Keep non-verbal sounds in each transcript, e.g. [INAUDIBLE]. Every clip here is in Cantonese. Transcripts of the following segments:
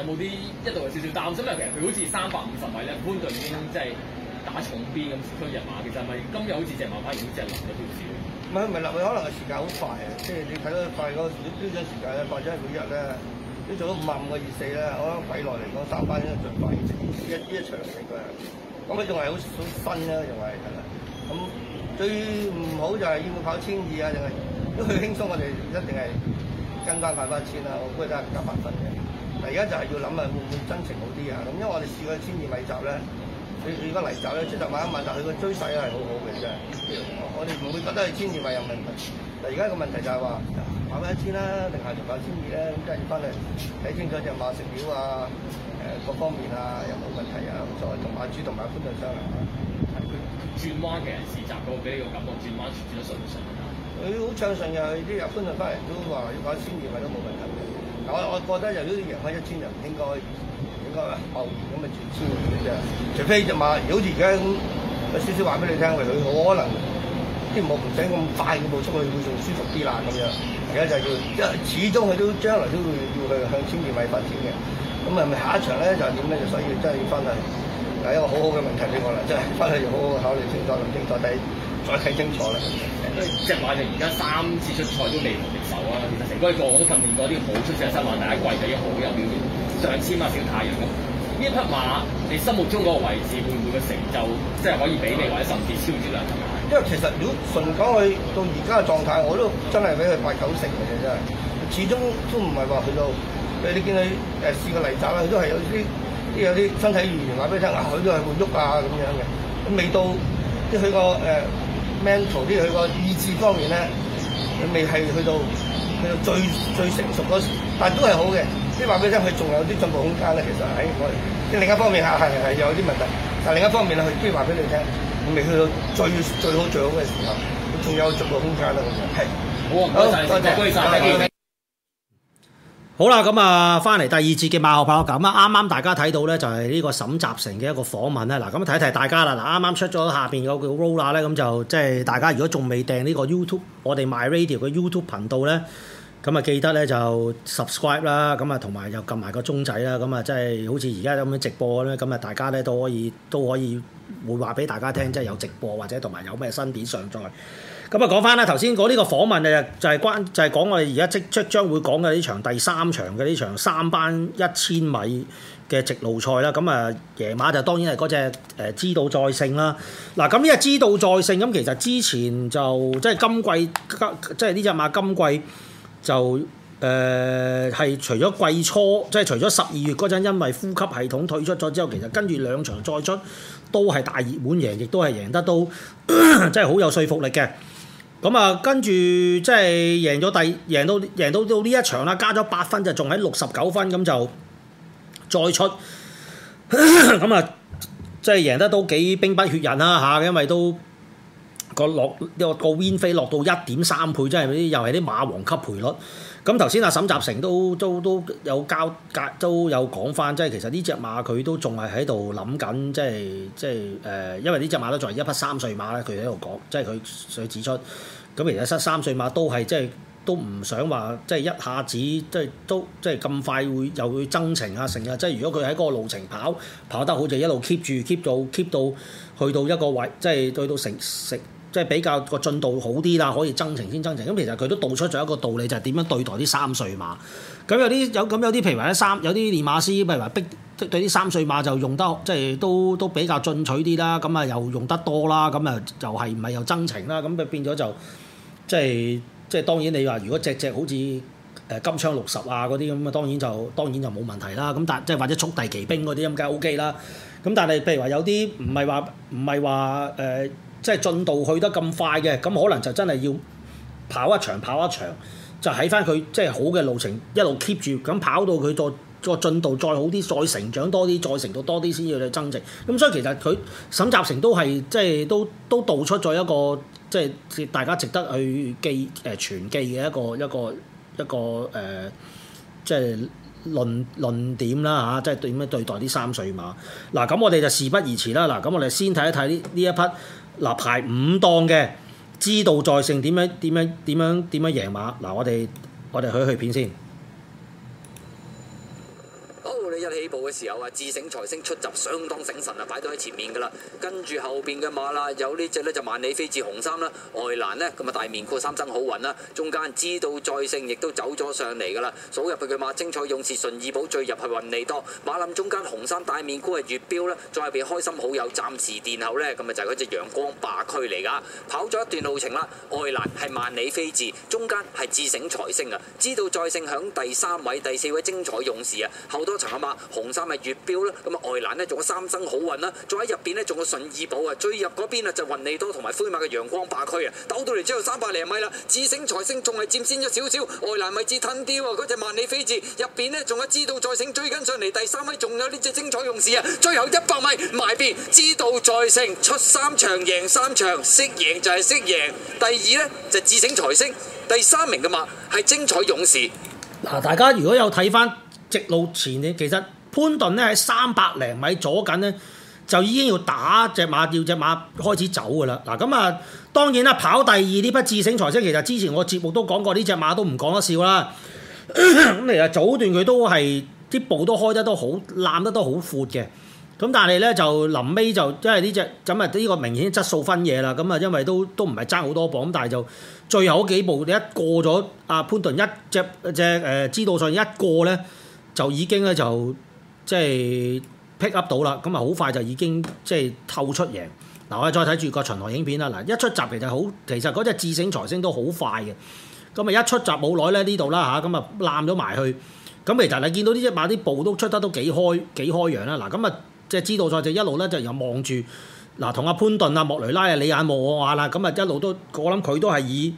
有冇啲一,一度係少少擔心呀？又其實佢好似三百五十米咧，潘頓已經即係打重鞭咁推人馬。其實係咪今日好似鄭媽媽已經即係立咗標誌？唔係，唔係立佢，可能時間好快啊！即係你睇到快個標準時間咧，或者係每日咧，都做到五萬五個二四啦。我覺得幾耐嚟講，三班已經快，一呢一場應該係。咁佢仲係好好新啦，仲係係啦。咁最唔好就係要佢跑千二啊，定係如果佢輕鬆，我哋一定係跟翻快翻千啦。我估係得加八分嘅。嗱，而家就係要諗啊，會唔會真情好啲啊？咁因為我哋試過千二米集咧，佢佢而家嚟集咧，出集萬一萬集，佢個追勢都係好好嘅，真係我哋唔會覺得佢千二米有問題。嗱，而家個問題就係話，跑翻一千啦、啊，定係做翻千二咧？咁跟住翻嚟睇清楚隻馬食料啊，誒各方面啊有冇問題啊？再同馬主同埋阿潘頓商量、啊。係佢轉彎其實試集嗰個俾你個感覺轉彎轉得順唔順？佢好、欸、暢順嘅，啲阿潘頓翻嚟都話要講千二米都冇問題。我我覺得如果贏翻一千人，應該應該貿然咁咪轉千二嘅啫。除非隻、就、馬、話，好似而家咁，有少少話俾你聽，佢可能啲馬唔使咁快嘅步出去，會仲舒服啲啦咁樣。而家就叫，因為始終佢都將來都會要去向千二米發展嘅。咁係咪下一場咧就點咧？就所以真係要返去，係一個好好嘅問題俾我啦。真係返去要好好考慮、評估、諗清楚。睇。睇清楚啦，即係馬就而家三次出賽都未逢敵手啊！其實成哥，我都訓練過啲好出色嘅新馬第一季，就一好有表現，上千碼小太陽咯。呢匹馬，你心目中嗰個位置會唔會個成就，即係可以俾你，或者甚至超越你？因為其實如果純講去到而家嘅狀態，我都真係俾佢八九成嘅啫，真係。始終都唔係話去到，你你見佢誒試過泥渣啦，佢都係有啲有啲身體語言話俾你聽啊，佢都係會喐啊咁樣嘅，未到即係佢個誒。mental 啲，佢個意志方面咧，佢未係去到去到最最成熟嗰時，但都係好嘅。即係話俾你聽，佢仲有啲進步空間咧。其實喺我另一方面嚇係係有啲問題，但另一方面咧，佢都要話俾你聽，未去到最最好最好嘅時候，仲有進步空間咯。係，我唔該曬，唔該曬，唔該曬。好啦，咁啊，翻嚟第二節嘅馬後砲。咁啊，啱啱大家睇到咧，就係呢個沈集成嘅一個訪問咧。嗱，咁睇睇大家啦，嗱，啱啱出咗下邊嗰個 roll 啦咧，咁就即係大家如果仲未訂呢個 YouTube，我哋 My Radio 嘅 YouTube 頻道咧，咁啊記得咧就 subscribe 啦，咁啊同埋又撳埋個鐘仔啦，咁啊即係好似而家咁樣直播咧，咁啊大家咧都可以都可以會話俾大家聽，即係有直播或者同埋有咩新片上載。咁啊，講翻啦，頭先嗰呢個訪問就係，關就係就係講我哋而家即即將會講嘅呢場第三場嘅呢場三班一千米嘅直路賽啦。咁啊，贏馬就當然係嗰隻誒知道再勝啦。嗱，呃，咁呢隻知道再勝，咁，啊啊，其實之前就即係今季即係呢隻馬今季就誒係、呃、除咗季初即係除咗十二月嗰陣因為呼吸系統退出咗之後，其實跟住兩場再出都係大熱門贏，亦都係贏得都即係好有說服力嘅。咁啊，跟住即係贏咗第贏到贏到到呢一場啦，加咗八分就仲喺六十九分，咁就再出。咁啊，即係贏得都幾兵不血刃啦嚇，因為都個落個 win 飛落到一點三倍，即係啲又係啲馬王級賠率。咁頭先阿沈集成都都都有交隔都有講返，即係其實呢隻馬佢都仲係喺度諗緊，即係即係誒，因為呢隻馬都作為一匹三歲馬咧，佢喺度講，即係佢想指出。咁其實三三歲馬都係即係都唔想話，即係一下子即係都即係咁快會又會增程啊成啊，即係如果佢喺嗰個路程跑跑得好，就一路 keep 住 keep 到 keep 到去到一個位，即係去到成成。即係比較個進度好啲啦，可以增程先增程，咁其實佢都道出咗一個道理，就係點樣對待啲三歲馬。咁有啲有咁有啲，譬如話啲三有啲練馬師，譬如話逼對啲三歲馬就用得即係都都比較進取啲啦。咁啊又用得多啦，咁啊又係唔係又增程啦？咁就變咗就即係即係當然你話如果隻隻好似誒金槍六十啊嗰啲咁啊，當然就當然就冇問題啦。咁但即係或者速遞奇兵嗰啲咁梗係 OK 啦。咁但係譬如話有啲唔係話唔係話誒。即係進度去得咁快嘅，咁可能就真係要跑一場跑一場，就喺翻佢即係好嘅路程一路 keep 住，咁跑到佢再再進度再好啲，再成長多啲，再成長多啲，先要你增值。咁所以其實佢沈集成都係即係都都道出咗一個即係大家值得去記誒存、呃、記嘅一個一個一個誒、呃，即係論論點啦吓、啊，即係點樣對待啲三歲馬。嗱。咁我哋就事不宜遲啦，嗱，咁我哋先睇一睇呢一匹。嗱，排五檔嘅，知道在勝，點樣？點樣？點樣？點樣贏馬？馬嗱，我哋我哋去去片先。一起步嘅時候啊，智醒財星出閘，相當醒神啊！擺到喺前面噶啦，跟住後邊嘅馬啦，有呢隻呢，就萬里飛至紅衫啦，外蘭呢，咁啊大面箍三生好運啦，中間知道再勝，亦都走咗上嚟噶啦，數入去嘅馬精彩勇士、順意寶，最入去雲尼多，馬林中間紅衫大面箍係月標呢，再入邊開心好友暫時殿後呢，咁啊就係嗰隻陽光霸區嚟噶，跑咗一段路程啦，外蘭係萬里飛至，中間係智醒財星啊，知道再勝響第三位，第四位精彩勇士啊，後多層嘅紅衫係月標啦，咁啊外欄咧仲有三生好運啦，仲喺入邊咧仲有順意寶啊，最入嗰邊啊就雲利多同埋灰馬嘅陽光霸區啊，兜到嚟，最後三百零米啦，智勝財星仲係佔先咗少少，外欄咪隻吞啲喎，嗰隻萬里飛至入邊呢，仲有知道再勝追緊上嚟，第三位仲有呢隻精彩勇士啊，最後一百米埋邊知道再勝出三場贏三場，識贏就係識贏，第二呢，就是、智勝財星，第三名嘅馬係精彩勇士。嗱，大家如果有睇翻。直路前嘅其實潘頓咧喺三百零米左緊咧，就已經要打隻馬掉隻馬開始走㗎啦。嗱，咁啊當然啦，跑第二呢筆智勝財星，其實之前我節目都講過，呢隻馬都唔講得笑啦。咁其實早段佢都係啲步都開得都好，攬得都好闊嘅，咁但係咧，就臨尾就因為呢隻，咁啊呢個明顯質素分嘢啦，咁啊因為都都唔係爭好多磅，但係就最後嗰幾步你一過咗阿潘頓一隻一隻誒、呃、知道上一過咧。就已經咧就即係 pick up 到啦，咁啊好快就已經即係透出贏。嗱，我哋再睇住個巡邏影片啦。嗱，一出閘其實好，其實嗰隻智醒財星都好快嘅。咁啊一出閘冇耐咧呢度啦吓，咁啊攬咗埋去。咁其實你見到呢隻馬啲步都出得都幾開幾開揚啦。嗱，咁啊即係知道咗，就一路咧就又望住嗱，同阿潘頓啊、莫雷拉啊、你眼望我眼啦，咁啊一路都我諗佢都係以。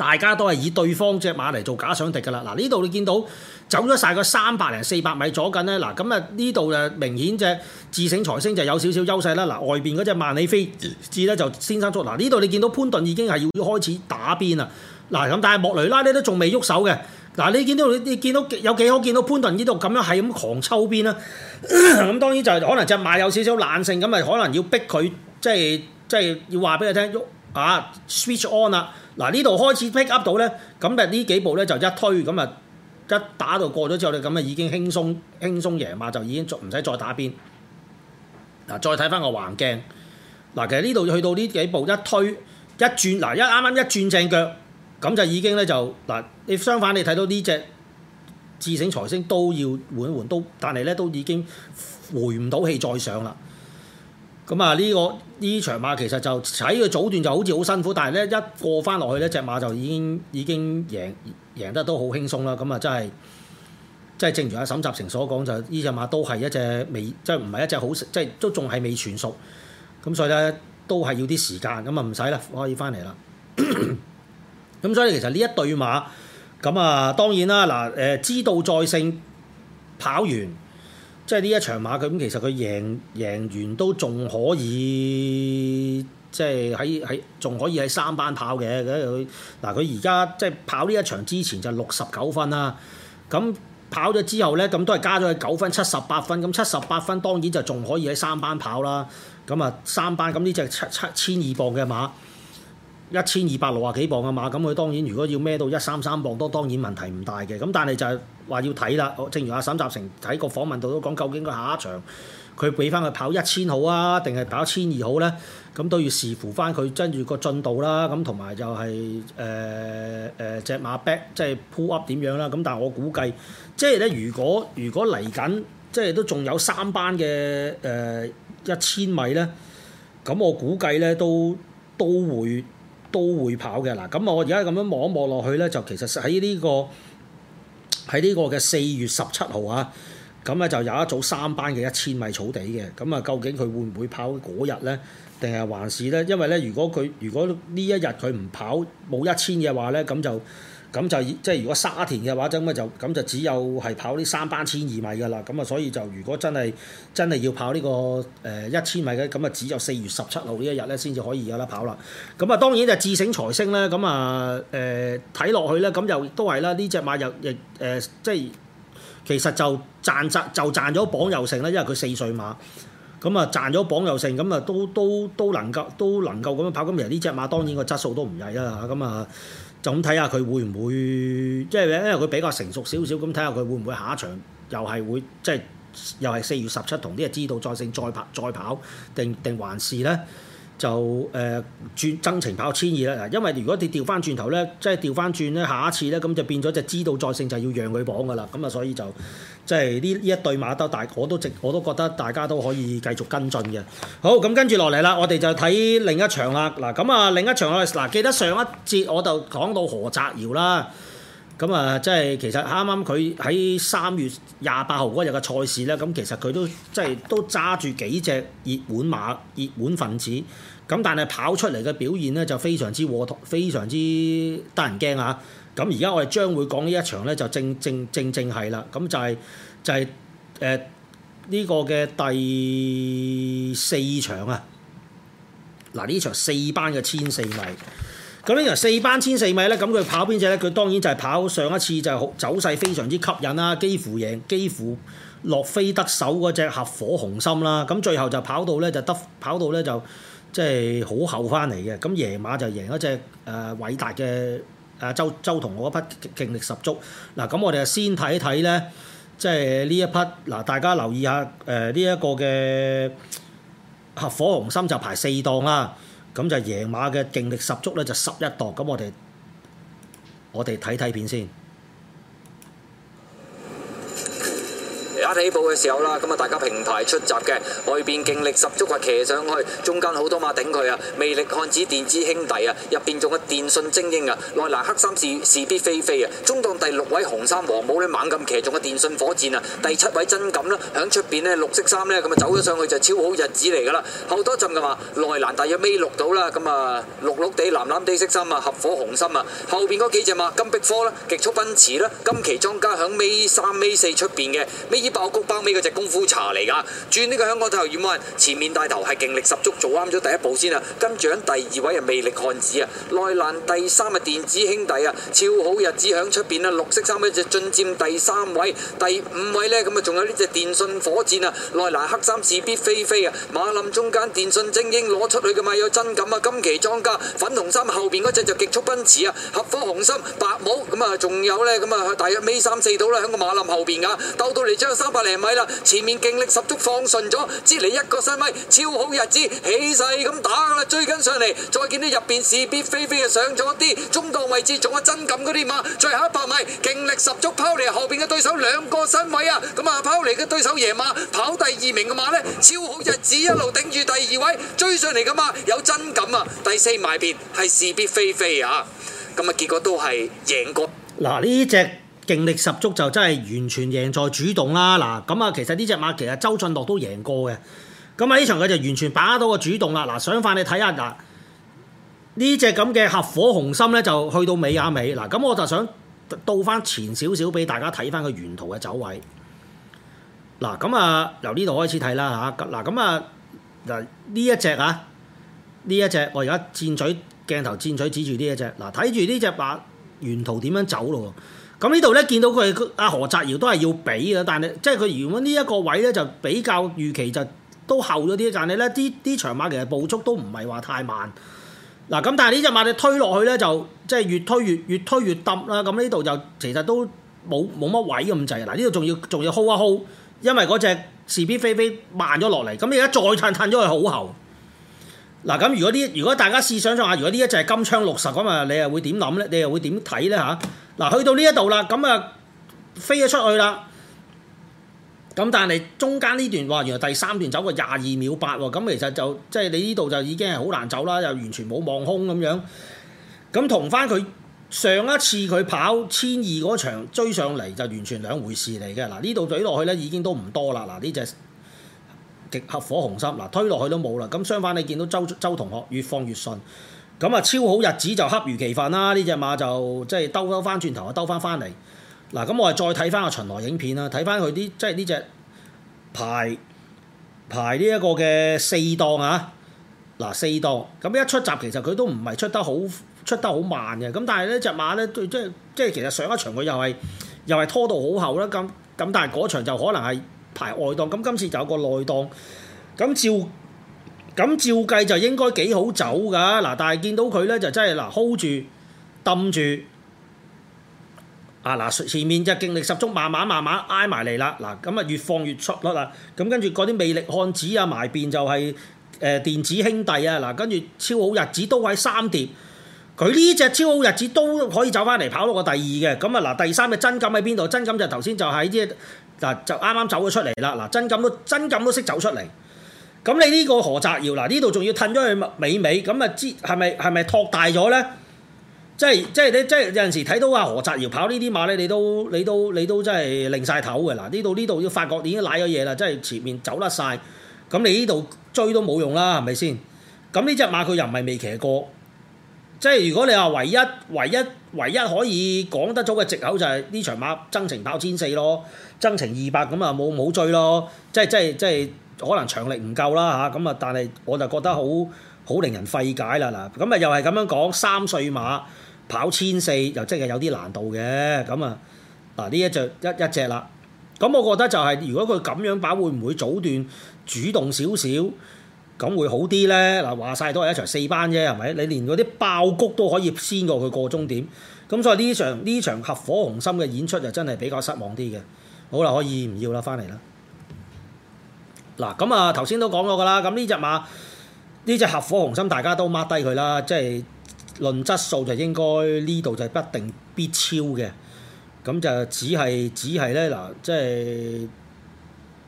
大家都係以對方隻馬嚟做假想敵㗎啦。嗱，呢度你見到走咗晒個三百零四百米左緊咧，嗱咁啊呢度啊明顯隻智醒財星就有少少優勢啦。嗱，外邊嗰隻萬里飛智咧就先生出嗱，呢度你見到潘頓已經係要開始打鞭啦。嗱咁，但係莫雷拉咧都仲未喐手嘅嗱。你見到你見到，你見到有幾好見到潘頓呢度咁樣係咁狂抽鞭啦。咁 [LAUGHS] 當然就係、係、可能隻馬有少少懶性，咁啊可能要逼佢即係即係要話俾佢聽喐啊，switch on 啦。嗱，呢度開始 pick up 到咧，咁誒呢幾步咧就一推，咁啊一打到過咗之後咧，咁啊已經輕鬆輕鬆贏馬就已經唔使再打邊。嗱，再睇翻個橫鏡，嗱其實呢度去到呢幾步一推一轉，嗱一啱啱一轉正腳，咁就已經咧就嗱，你相反你睇到呢隻智醒財星都要換一換，都但係咧都已經回唔到氣再上啦。咁啊，呢、這個呢場馬其實就喺個組段就好似好辛苦，但係咧一過翻落去呢隻馬就已經已經贏贏得都好輕鬆啦。咁啊，真係即係正如阿沈集成所講，就呢隻馬都係一隻未，即係唔係一隻好，即係都仲係未全熟。咁所以咧，都係要啲時間。咁啊，唔使啦，可以翻嚟啦。咁咳咳所以其實呢一對馬，咁啊當然啦，嗱誒，知道再勝跑完。即係呢一場馬佢咁，其實佢贏贏完都仲可以，即係喺喺仲可以喺三班跑嘅。嗱佢而家即係跑呢一場之前就六十九分啦，咁跑咗之後呢，咁都係加咗佢九分，七十八分。咁七十八分當然就仲可以喺三班跑啦。咁啊三班咁呢隻七七千二磅嘅馬。一千二百六啊幾磅啊嘛，咁佢當然如果要孭到一三三磅都當然問題唔大嘅。咁但係就係話要睇啦。正如阿沈集成喺個訪問度都講，究竟佢下一場佢俾翻佢跑一千好啊，定係跑一千二好咧？咁都要視乎翻佢跟住個進度啦。咁同埋就係誒誒隻馬 back 即係 pull up 點樣啦。咁但係我估計，即係咧，如果如果嚟緊即係都仲有三班嘅誒一千米咧，咁我估計咧都都會。都會跑嘅嗱，咁我而家咁樣望一望落去咧，就其實喺呢個喺呢個嘅四月十七號啊，咁咧就有一組三班嘅一千米草地嘅，咁啊究竟佢會唔會跑嗰日咧，定係還是咧？因為咧，如果佢如果呢一日佢唔跑冇一千嘅話咧，咁就。咁就即係如果沙田嘅話，咁就咁就，就只有係跑呢三班千二米㗎喇。咁啊，所以就如果真係真係要跑呢、呢個誒一千米嘅，咁啊只有四月十七號呢一日咧先至可以有得跑啦。咁啊，當然就智醒財星咧，咁啊誒睇落去咧，咁又都係啦。呢隻馬又亦誒、呃，即係其實就賺賺就賺咗榜又勝啦，因為佢四歲馬，咁啊賺咗榜又勝，咁啊都都都能夠都能夠咁樣跑。咁其實呢隻馬當然個質素都唔曳啦嚇，咁啊。就咁睇下佢會唔會，即係因為佢比較成熟少少，咁睇下佢會唔會下一場又係會，即係又係四月十七同啲人知道再勝再跑再跑，定定還是咧？就誒轉、呃、爭情跑千二啦，嗱，因為如果你調翻轉頭咧，即係調翻轉咧，下一次咧，咁就變咗只知道再勝就要讓佢綁噶啦，咁啊，所以就即係呢呢一對馬得，大我都直我都覺得大家都可以繼續跟進嘅。好，咁跟住落嚟啦，我哋就睇另一場啦，嗱，咁啊另一場啊，嗱，記得上一節我就講到何澤堯啦。咁啊、嗯，即係其實啱啱佢喺三月廿八號嗰日嘅賽事咧，咁其實佢都即係都揸住幾隻熱門馬、熱門分子，咁但係跑出嚟嘅表現咧就非常之和，非常之得人驚啊！咁而家我哋將會講呢一場咧、就係，就正正正正係啦，咁就係就係誒呢個嘅第四場啊！嗱，呢場四班嘅千四米。咁呢由四班千四米咧，咁佢跑邊隻咧？佢當然就係跑上一次就係好走勢非常之吸引啦，幾乎贏幾乎落飛得手嗰隻合火紅心啦。咁最後就跑到咧就得跑到咧就即係好後翻嚟嘅。咁夜、就是、馬就贏一隻誒偉大嘅啊周周同嗰匹勁力十足。嗱，咁我哋先睇一睇咧，即係呢一匹嗱，大家留意下誒呢一個嘅合火紅心就排四檔啦。咁就係野馬嘅勁力十足咧，就十一度。咁我哋我哋睇睇片先。起步嘅時候啦，咁啊大家平台出閘嘅外邊勁力十足啊，騎上去中間好多馬頂佢啊，魅力漢子電子兄弟啊，入邊仲有電信精英啊，內欄黑衫是是必非非啊，中檔第六位紅衫黃帽呢，猛咁騎中個電信火箭啊，第七位真敢啦，響出邊呢，綠色衫呢，咁啊走咗上去就超好日子嚟噶啦，後多陣噶嘛，內欄大約尾六到啦，咁啊綠綠地藍藍地色衫啊，合火紅心啊，後邊嗰幾隻馬金碧科啦，極速奔馳啦，金旗莊家響尾三尾四出邊嘅尾爆谷包尾嗰隻功夫茶嚟噶，轉呢個香港頭染馬，前面帶頭係勁力十足，做啱咗第一步先啊。跟住喺第二位係魅力漢子啊，內欄第三啊，電子兄弟啊，超好日子喺出邊啊，綠色衫嗰隻進佔第三位，第五位呢？咁啊，仲有呢隻電信火箭啊，內欄黑衫自必非非啊，馬林中間電信精英攞出去嘅咪有真感啊，今期莊家粉紅衫後邊嗰隻就極速奔馳啊，合夥紅心白帽咁啊，仲有呢？咁啊，第一尾三四到啦，喺個馬林後邊噶，兜到嚟將衫。百零米啦，前面勁力十足，放順咗，接嚟一個身位，超好日子，起勢咁打啦，追緊上嚟。再見到入邊是必非非，啊，上咗一啲中檔位置，仲有真感嗰啲馬。最後一百米勁力十足，拋離後邊嘅對手兩個身位啊，咁啊拋離嘅對手贏馬跑第二名嘅馬呢，超好日子一路頂住第二位追上嚟噶嘛，有真感啊。第四埋邊係是必非非啊，咁啊結果都係贏過。嗱呢隻。勁力十足就真係完全贏在主動啦。嗱，咁啊，其實呢隻馬其實周俊樂都贏過嘅。咁啊，呢場佢就完全把握到個主動啦。嗱，想返你睇下嗱呢隻咁嘅合火紅心咧，就去到尾啊尾嗱。咁、嗯、我就想倒翻前少少俾大家睇翻個沿途嘅走位嗱。咁啊，由呢度開始睇啦吓。嗱，咁啊嗱呢一隻啊呢一隻，我而家箭嘴鏡頭箭嘴指住呢一隻嗱，睇住呢隻馬沿途點樣走咯。咁呢度咧見到佢阿何澤堯都係要比嘅，但係即係佢原本呢一個位咧就比較預期就都後咗啲，但係咧啲啲長馬其實步速都唔係話太慢。嗱、啊、咁，但係呢隻馬你推落去咧就即係、就是、越推越越推越揼啦。咁呢度就其實都冇冇乜位咁滯。嗱呢度仲要仲要 hold 一 hold，因為嗰隻是必飛，飛飛慢咗落嚟。咁你而家再褪褪咗係好後。嗱、啊、咁如果啲如果大家試想像下，如果呢一隻係金槍六十咁啊，你又會點諗咧？你又會點睇咧嚇？嗱，去到呢一度啦，咁啊飛咗出去啦，咁但係中間呢段話，原來第三段走過廿二秒八喎，咁其實就即係、就是、你呢度就已經係好難走啦，又完全冇望空咁樣，咁同翻佢上一次佢跑千二嗰場追上嚟就完全兩回事嚟嘅。嗱，呢度追落去咧已經都唔多啦。嗱，呢隻極客火紅心嗱，推落去都冇啦。咁相反，你見到周周同學越放越順。咁啊，超好日子就恰如其分啦！呢隻馬就即係兜兜翻轉頭啊，兜翻翻嚟。嗱，咁我哋再睇翻個巡邏影片啦，睇翻佢啲即係呢隻排排呢一個嘅四檔啊。嗱，四檔咁一出閘，其實佢都唔係出得好出得好慢嘅。咁但係呢隻馬咧，即係即係其實上一場佢又係又係拖到好後啦。咁咁但係嗰場就可能係排外檔。咁今次就有個內檔。咁照。咁照計就應該幾好走噶嗱，但係見到佢咧就真係嗱 hold 住，掟住啊嗱前面就勁力十足，慢慢慢慢挨埋嚟啦嗱，咁啊越放越出甩啦，咁跟住嗰啲魅力漢子啊埋邊就係、是、誒、呃、電子兄弟啊嗱，跟、啊、住超好日子都喺三碟，佢呢隻超好日子都可以走翻嚟跑落個第二嘅，咁啊嗱、啊、第三隻真金喺邊度？真金就頭先就喺啲嗱就啱啱走咗出嚟啦，嗱、啊、真金都真金都識走出嚟。咁你呢個何澤堯嗱？呢度仲要褪咗去尾尾，咁啊知係咪係咪託大咗咧？即係即係你即係有陣時睇到阿何澤堯跑呢啲馬咧，你都你都你都真係擰晒頭嘅嗱。呢度呢度要發覺已經賴咗嘢啦，即係前面走甩晒。咁你呢度追都冇用啦，係咪先？咁呢隻馬佢又唔係未騎過，即係如果你話唯一唯一唯一可以講得咗嘅藉口就係呢場馬增程跑千四咯，增程二百咁啊冇冇追咯，即係即係即係。可能長力唔夠啦嚇，咁啊，但係我就覺得好好令人費解啦嗱，咁啊又係咁樣講三歲馬跑千四，又真係有啲難度嘅，咁啊嗱呢一,一,一隻一一隻啦，咁、啊、我覺得就係、是、如果佢咁樣跑，會唔會早段主動少少，咁、啊、會好啲咧？嗱、啊、話晒都係一場四班啫，係咪？你連嗰啲爆谷都可以先過佢過終點，咁、啊、所以呢場呢場合火紅心嘅演出就真係比較失望啲嘅。好啦，可以唔要啦，翻嚟啦。嗱，咁啊，頭先都講過噶啦，咁呢隻馬，呢隻合火紅心，大家都 mark 低佢啦。即係論質素，就應該呢度就一定必超嘅。咁就只係只係咧，嗱，即係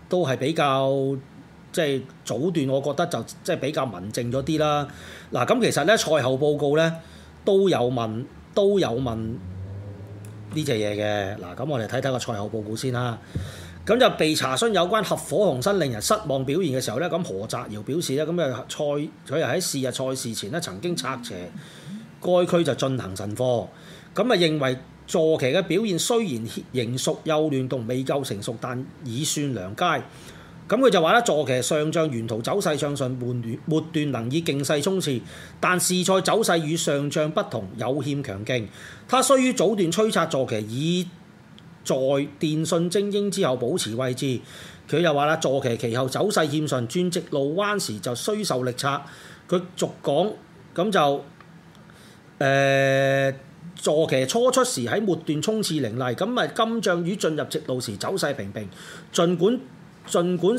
都係比較即係早段，我覺得就即係比較文靜咗啲啦。嗱，咁其實咧賽後報告咧都有問，都有問呢隻嘢嘅。嗱，咁我哋睇睇個賽後報告先啦。咁就被查詢有關合火雄身」令人失望表現嘅時候咧，咁何澤堯表示咧，咁又賽佢又喺是日賽事前咧曾經策騎該區就進行晨課，咁啊認為坐騎嘅表現雖然仍屬幼嫩同未夠成熟，但已算良佳。咁佢就話咧，坐騎上仗沿途走勢暢順，末段末段能以勁勢衝刺，但試賽走勢與上仗不同，有欠強勁。他須於早段催策坐騎以在電訊精英之後保持位置，佢又話啦：坐騎其後走勢欠順，轉直路彎時就需受力策，佢續講咁就誒坐騎初出時喺末段衝刺凌厲，咁咪金將魚進入直路時走勢平平，儘管儘管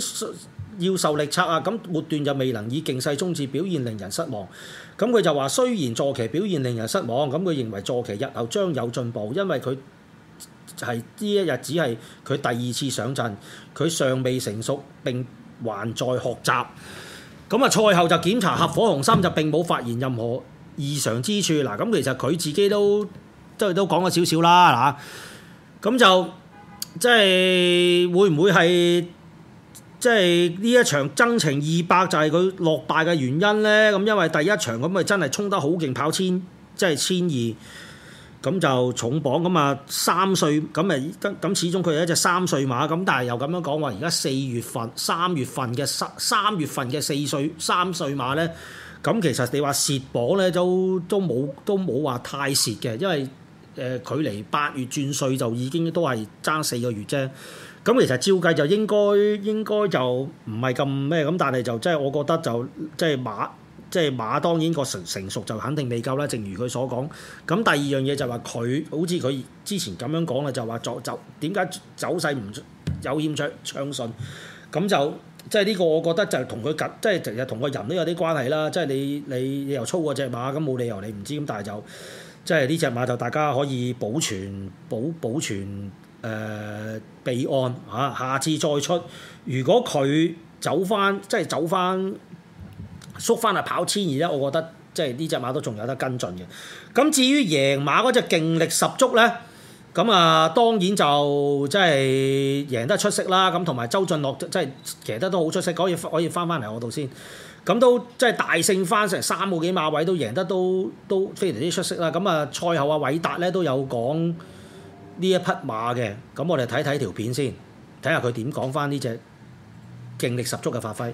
要受力策啊，咁末段就未能以勁勢衝刺，表現令人失望。咁佢就話雖然坐騎表現令人失望，咁佢認為坐騎日後將有進步，因為佢。就係呢一日只係佢第二次上陣，佢尚未成熟並還在學習。咁啊，賽後就檢查合火紅心就並冇發現任何異常之處。嗱，咁其實佢自己都即係都，都，都講咗少少啦，嗱，咁就即係會唔會係即係呢一場爭情二百就係佢落敗嘅原因呢？咁因為第一場咁啊真係衝得好勁，跑千即係千二。就是咁就重磅咁啊三歲咁誒，咁始終佢係一隻三歲馬，咁但係又咁樣講話，而家四月份、三月份嘅三三月份嘅四歲三歲馬咧，咁其實你話蝕磅咧都都冇都冇話太蝕嘅，因為誒、呃、距離八月轉歲就已經都係爭四個月啫。咁其實照計就應該應該就唔係咁咩咁，但係就即係、即係、我覺得就即係、即係、馬。即係馬當然個成成熟就肯定未夠啦，正如佢所講。咁第二樣嘢就話佢好似佢之前咁樣講嘅，就話作就點解走勢唔有欠暢暢順？咁就即係呢個我覺得就同佢即係成日同個人都有啲關係啦。即係你你，你又操過隻馬，咁冇理由你唔知。咁但係就即係呢隻馬就大家可以保存保保存誒備案吓，下次再出。如果佢走翻即係走翻。縮翻嚟跑千二咧，我覺得即係呢隻馬都仲有得跟進嘅。咁至於贏馬嗰隻勁力十足咧，咁啊當然就即係贏得出色啦。咁同埋周俊樂即係騎得都好出色，可以可以翻翻嚟我度先。咁都即係大勝翻成三個幾馬位都贏得都都非常之出色啦。咁啊賽後啊，偉達咧都有講呢一匹馬嘅。咁我哋睇睇條片先，睇下佢點講翻呢隻勁力十足嘅發揮。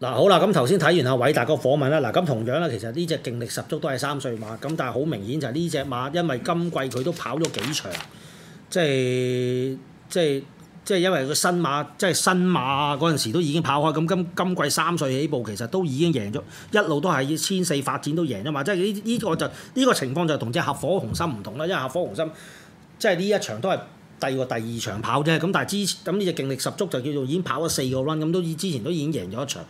嗱，好啦，咁頭先睇完阿韋達個訪問啦，嗱，咁同樣啦，其實呢隻勁力十足都係三歲馬，咁但係好明顯就係呢隻馬，因為今季佢都跑咗幾場，即係即係即係因為佢新馬即係新馬嗰陣時都已經跑開，咁今今季三歲起步其實都已經贏咗，一路都係以千四發展都贏吖嘛，即係呢呢個就呢個情況就同隻合火紅心唔同啦，因為合火紅心即係呢一場都係。第二個第二場跑啫，咁但係之前，咁呢隻勁力十足，就叫做已經跑咗四個 round 咁都之前都已經贏咗一場。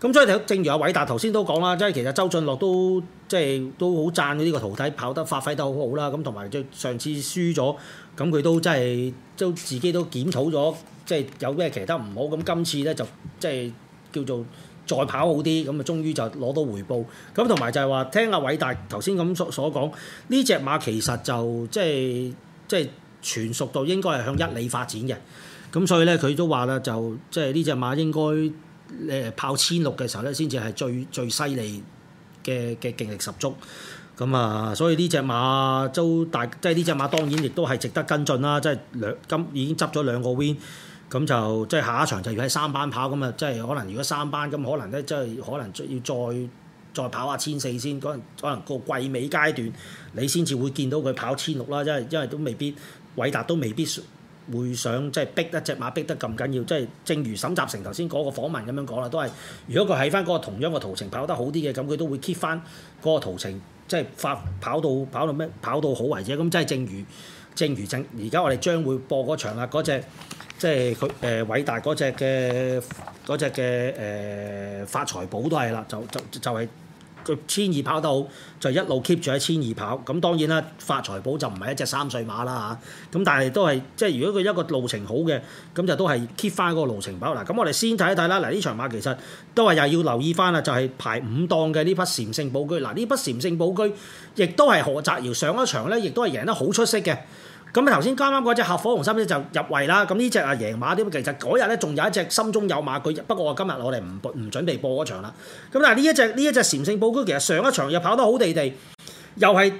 咁所以正如阿偉達頭先都講啦，即係其實周俊樂都即係都好讚佢呢個徒弟跑得發揮得好好啦。咁同埋上次輸咗，咁佢都真係都自己都檢討咗，即係有咩其他唔好。咁今次呢，就即係叫做再跑好啲，咁啊終於就攞到回報。咁同埋就係話聽阿偉達頭先咁所所講，呢隻馬其實就即係即係。全熟度應該係向一里發展嘅，咁所以咧佢都話啦，就即係呢隻馬應該誒、呃、跑千六嘅時候咧，先至係最最犀利嘅嘅勁力十足。咁啊，所以呢隻馬都大，即係呢隻馬當然亦都係值得跟進啦。即係兩今已經執咗兩個 win，咁就即係下一場就要喺三班跑咁啊，即係可能如果三班咁，可能咧即係可能要再再跑下千四先，可能可能個季尾階段你先至會見到佢跑千六啦。即係因為都未必。偉達都未必會想即係逼一隻馬逼得咁緊要，即係正如沈集成頭先嗰個訪問咁樣講啦，都係如果佢喺翻嗰個同樣嘅途程跑得好啲嘅，咁佢都會 keep 翻嗰個途程，即係發跑到跑到咩跑到好為止。咁即係正，正如正如正而家我哋將會播嗰場啦，嗰隻即係佢誒偉達嗰隻嘅嗰隻嘅誒發財寶都係啦，就就就係。就係佢千二跑得好，就一路 keep 住喺千二跑。咁當然啦，發財寶就唔係一隻三歲馬啦嚇。咁但係都係，即係如果佢一個路程好嘅，咁就都係 keep 翻嗰個路程跑。嗱，咁我哋先睇一睇啦。嗱，呢場馬其實都係又要留意翻啦，就係、是、排五檔嘅呢匹禪勝寶駒。嗱、啊，呢匹禪勝寶駒亦都係何澤堯上一場咧，亦都係贏得好出色嘅。咁啊頭先啱啱嗰隻合火紅心咧就入圍啦，咁呢隻啊贏馬啲，其實嗰日咧仲有一隻心中有馬，佢不過今我今日我哋唔唔準備播嗰場啦。咁但係呢一隻呢一隻禪聖保區其實上一場又跑得好地地，又係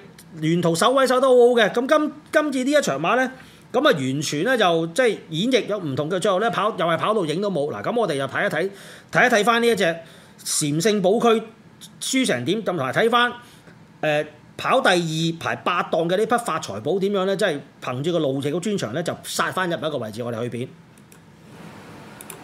沿途守位守得好好嘅。咁今今次呢一場馬咧，咁啊完全咧就即係、就是、演繹咗唔同嘅，最後咧跑又係跑到影都冇嗱。咁我哋又睇一睇睇一睇翻呢一隻禪聖保區輸成點，同埋睇翻誒。呃跑第二排八檔嘅呢筆發財寶點樣呢？即係憑住個路程嘅專長呢，就殺翻入一個位置，我哋去片。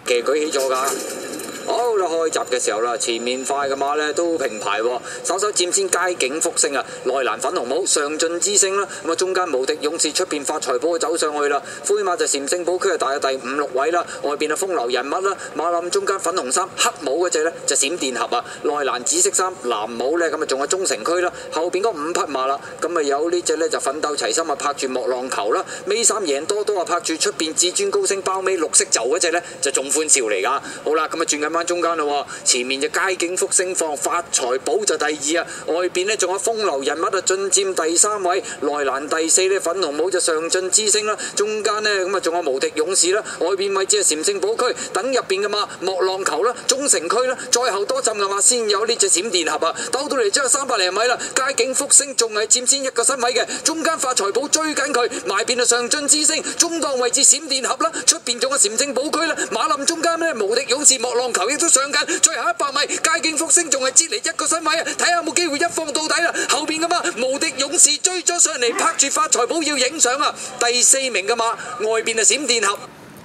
佢舉起咗㗎。好啦，oh，開閘嘅時候啦，前面快嘅馬咧都平排，啊，稍稍佔先街景福星啊，內欄粉紅帽上進之星啦，啊，咁啊中間無敵勇士，出邊發財寶啊走上去啦，啊，灰馬就禪聖寶區啊，大約第五六位啦，啊，外邊啊風流人物啦，啊，馬林中間粉紅衫黑帽嗰隻咧就閃電俠啊，內欄紫色衫藍帽咧咁啊仲係中城區啦，啊，後邊嗰五匹馬啦，啊，咁啊有隻呢隻咧就奮鬥齊心啊拍住莫浪球啦，啊，尾三贏多多啊拍住出邊至尊高升包尾綠色袖嗰隻咧就中歡笑嚟噶，啊，好啦咁啊轉緊。翻中間啦，前面就街景福星放發財寶就第二啊，外邊咧仲有風流人物啊，進佔第三位，內欄第四咧粉紅帽就上進之星啦，中間咧咁啊仲有無敵勇士啦，外邊位置係禪聖寶區等入邊噶嘛，莫浪球啦，中城區啦，再後多浸啊嘛先有呢隻閃電俠啊，兜到嚟只有三百零米啦，街景福星仲係佔先一個身位嘅，中間發財寶追緊佢，埋邊啊上進之星，中檔位置閃電俠啦，出邊仲有禪聖寶區啦，馬林中間咧無敵勇士莫浪球。頭亦都上緊，最後一百米，佳景福星仲係接嚟一個身位啊！睇下有冇機會一放到底啦！後邊嘅馬無敵勇士追咗上嚟，拍住發財寶要影相啊！第四名嘅馬外邊係閃電俠。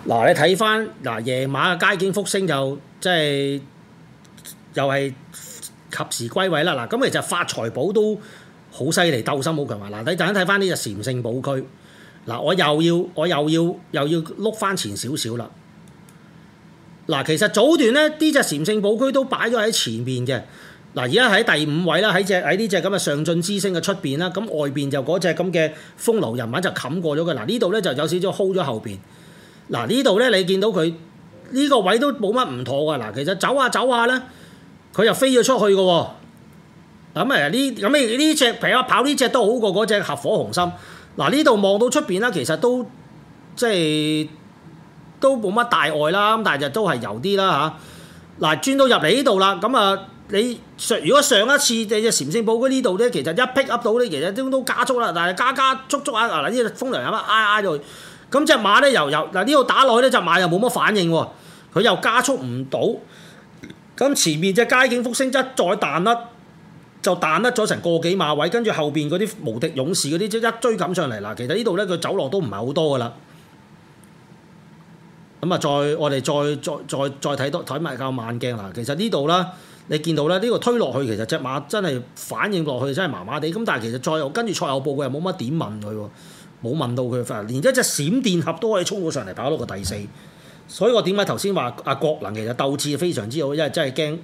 嗱，你睇翻嗱夜晚嘅佳景福星就即係又係及時歸位啦！嗱咁其實發財寶都好犀利，鬥心好強啊。嗱，你等下睇翻呢隻禪聖寶駒。嗱，我又要我又要又要碌翻前少少啦。嗱，其實早段咧，呢隻禪聖寶區都擺咗喺前面嘅。嗱，而家喺第五位啦，喺隻喺呢隻咁嘅上進之星嘅出邊啦。咁外邊就嗰隻咁嘅風流人物就冚過咗佢。嗱，呢度咧就有少少 hold 咗後邊。嗱，呢度咧你見到佢呢個位都冇乜唔妥㗎。嗱，其實走下走下咧，佢又飛咗出去嘅。咁誒呢咁呢呢隻，譬如話跑呢隻都好過嗰隻合火紅心。嗱，呢度望到出邊啦，其實都即係。都冇乜大礙啦，咁但係就都係遊啲啦嚇。嗱，轉到入嚟呢度啦，咁啊，嗯、你上如果上一次你隻禪聖保嗰呢度咧，其實一 pick up 到咧，其實都都加速啦，但係加加速速啊，嗱呢個風涼飲啊，挨挨咗去。咁隻馬咧又又嗱呢度打落去咧隻馬又冇乜反應喎，佢、啊、又加速唔到。咁、啊、前面隻街景福星一再彈甩，就彈甩咗成個幾碼位，跟住後邊嗰啲無敵勇士嗰啲即一追趕上嚟啦。其實呢度咧佢走落都唔係好多噶啦。咁啊，再我哋再再再再睇多睇埋個慢鏡啦。其實呢度啦，你見到咧，呢個推落去其實隻馬真係反應落去真係麻麻地。咁但係其實再又跟住賽後報告又冇乜點問佢，冇問到佢，連一隻閃電俠都可以衝到上嚟跑到個第四。所以我點解頭先話阿國能其實鬥志非常之好，因為真係驚，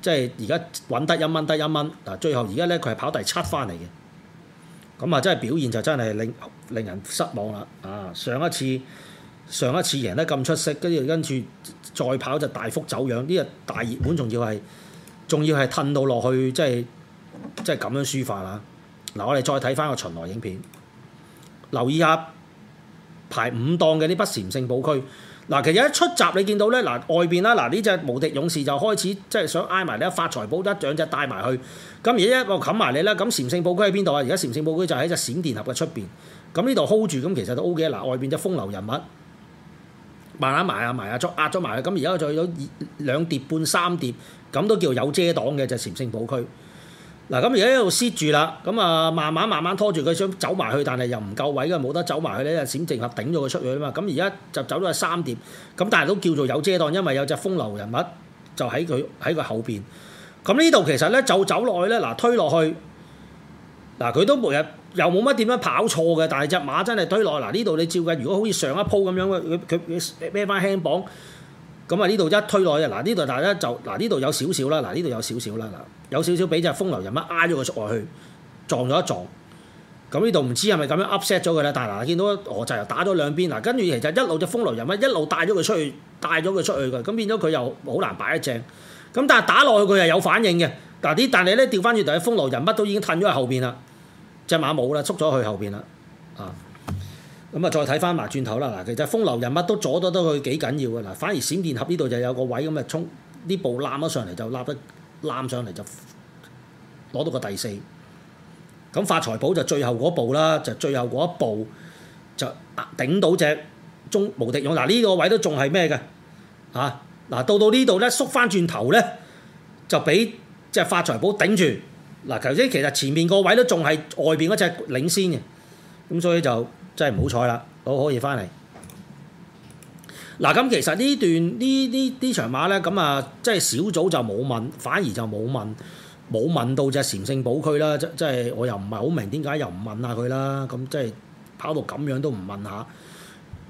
即係而家揾得一蚊得一蚊嗱。最後而家咧佢係跑第七翻嚟嘅，咁啊真係表現就真係令令人失望啦。啊，上一次。上一次贏得咁出色，跟住跟住再跑就大幅走樣。呢個大熱門，仲要係仲要係褪到落去，即係即係咁樣抒發啦。嗱，我哋再睇翻個巡邏影片，留意下排五檔嘅呢匹禪聖寶區。嗱，其實一出閘你見到咧，嗱外邊啦，嗱呢隻無敵勇士就開始即係、就是、想挨埋你一發財寶一掌就帶埋去。咁而家一個冚埋你啦，咁禪聖寶區喺邊度啊？而家禪聖寶區就喺隻閃電盒嘅出邊。咁呢度 hold 住，咁其實都 OK 啦。嗱，外邊隻風流人物。慢慢埋啊埋啊，捉壓咗埋啦。咁而家我再咗兩碟半三碟，咁都叫做有遮擋嘅就禪城保區。嗱，咁而家一路黐住啦。咁啊，慢慢慢慢拖住佢想走埋去，但係又唔夠位，因為冇得走埋去咧，閃淨合頂咗佢出去啦嘛。咁而家就走咗去三碟，咁但係都叫做有遮擋，因為有隻風流人物就喺佢喺佢後邊。咁呢度其實咧就走落去咧，嗱推落去。嗱，佢都冇日又冇乜點樣跑錯嘅，但係隻馬真係推落嗱呢度。你照緊，如果好似上一鋪咁樣嘅，佢孭翻輕磅，咁啊呢度一推落去，嗱呢度大家就嗱呢度有少少啦，嗱呢度有少少啦，嗱有少少畀隻風流人物挨咗佢出落去撞咗一撞，咁呢度唔知係咪咁樣 upset 咗佢咧？但係嗱，見到何就又打咗兩邊嗱，跟住其實一路隻風流人物一路帶咗佢出去，帶咗佢出去嘅，咁變咗佢又好難擺得正，咁但係打落去佢又有反應嘅。嗱啲，但係咧，掉翻轉頭，風流人物都已經褪咗喺後邊啦，隻馬冇啦，縮咗去後邊啦，啊，咁啊，再睇翻埋轉頭啦。嗱，其實風流人物都阻咗得佢幾緊要嘅。嗱，反而閃電俠呢度就有個位咁啊，衝呢步攬咗上嚟就攬得攬上嚟就攞到個第四。咁，啊，發財寶就最後嗰步啦，就最後嗰一步就頂到隻中無敵用。嗱，呢個位都仲係咩嘅？啊，嗱，這個啊，到到呢度咧，縮翻轉頭咧，就俾。即係發財寶頂住，嗱，頭先其實前面個位都仲係外邊嗰隻領先嘅，咁所以就真係唔好彩啦，好可以翻嚟嗱。咁其實呢段呢呢呢場馬咧，咁啊即係小組就冇問，反而就冇問冇問到隻禪勝寶區啦，即即係我又唔係好明點解又唔問下佢啦，咁即係跑到咁樣都唔問下，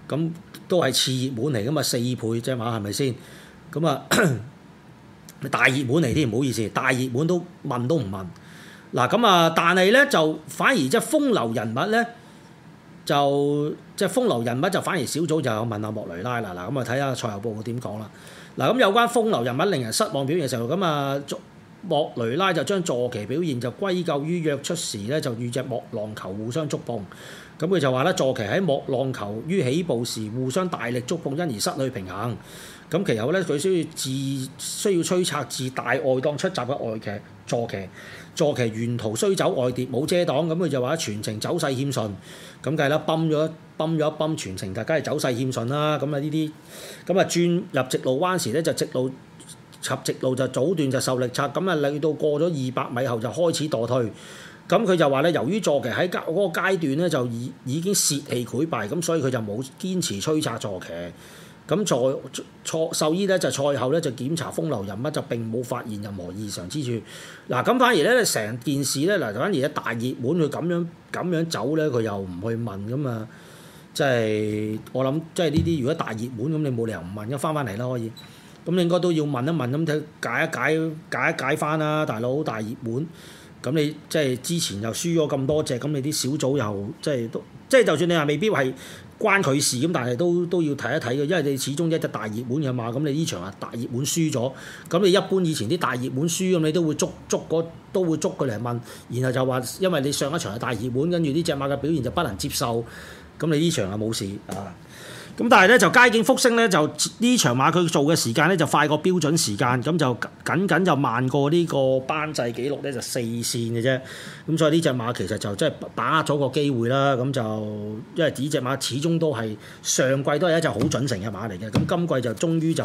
咁都係次熱門嚟噶嘛，四倍隻馬，係咪先？咁啊。 [COUGHS] 大熱門嚟添，唔好意思，大熱門都問都唔問。嗱咁啊，但係咧就反而即係風流人物咧，就即係風流人物就反而小組就有問阿莫雷拉啦。嗱咁啊睇下賽後報告點講啦。嗱咁有關風流人物令人失望表現嘅時候，咁啊莫雷拉就將坐騎表現就歸咎於約出時咧就與隻莫浪球互相觸碰。咁佢就話咧，坐騎喺莫浪球於起步時互相大力觸碰，因而失去平衡。咁其後咧，佢需要自需要催策自大外檔出閘嘅外騎，坐騎。坐騎沿途雖走外跌，冇遮擋，咁佢就話全程走勢欠順。咁計啦，泵咗泵咗一泵全程就梗係走勢欠順啦。咁啊呢啲，咁啊轉入直路彎時咧，就直路及直路就早段就受力差，咁啊嚟到過咗二百米後就開始墮退。咁佢就話咧，由於坐騎喺嗰個階段咧，就已已經泄氣潰敗，咁所以佢就冇堅持催策坐騎。咁坐坐獸醫咧，就賽後咧就檢查風流人物，就並冇發現任何異常之處。嗱，咁反而咧，成件事咧，嗱，反而嘅大熱門佢咁樣咁樣走咧，佢又唔去問㗎嘛！即係我諗，即係呢啲如果大熱門咁，你冇理由唔問，一翻翻嚟啦可以。咁你應該都要問一問，咁睇解一解解一解翻啦，大佬大熱門。咁你即係之前又輸咗咁多隻，咁你啲小組又即係都即係就算你話未必係關佢事，咁但係都都要睇一睇嘅，因為你始終一隻大熱門嘅馬，咁你呢場啊大熱門輸咗，咁你一般以前啲大熱門輸咁，你都會捉捉，捉都會捉佢嚟問，然後就話因為你上一場係大熱門，跟住呢隻馬嘅表現就不能接受，咁你呢場啊冇事啊。咁但係咧就街景復星咧就呢場馬佢做嘅時間咧就快過標準時間，咁就僅僅就慢過呢個班制紀錄咧就四線嘅啫。咁所以呢隻馬其實就真係把握咗個機會啦。咁就因為呢隻馬始終都係上季都係一隻好準成嘅馬嚟嘅，咁今季就終於就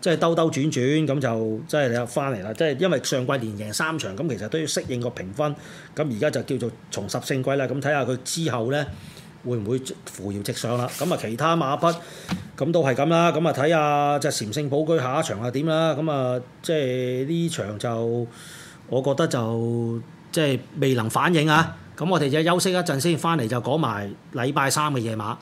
即係、就是、兜兜轉轉，咁就即係翻嚟啦。即、就、係、是、因為上季連贏三場，咁其實都要適應個評分。咁而家就叫做重拾勝軌啦。咁睇下佢之後咧。會唔會扶搖直上啦？咁啊，其他馬匹咁都係咁啦。咁啊，睇下隻禪聖寶駒下一場係點啦。咁啊，即係呢場就我覺得就即係未能反應啊。咁、嗯、我哋就休息一陣先，翻嚟就講埋禮拜三嘅夜馬。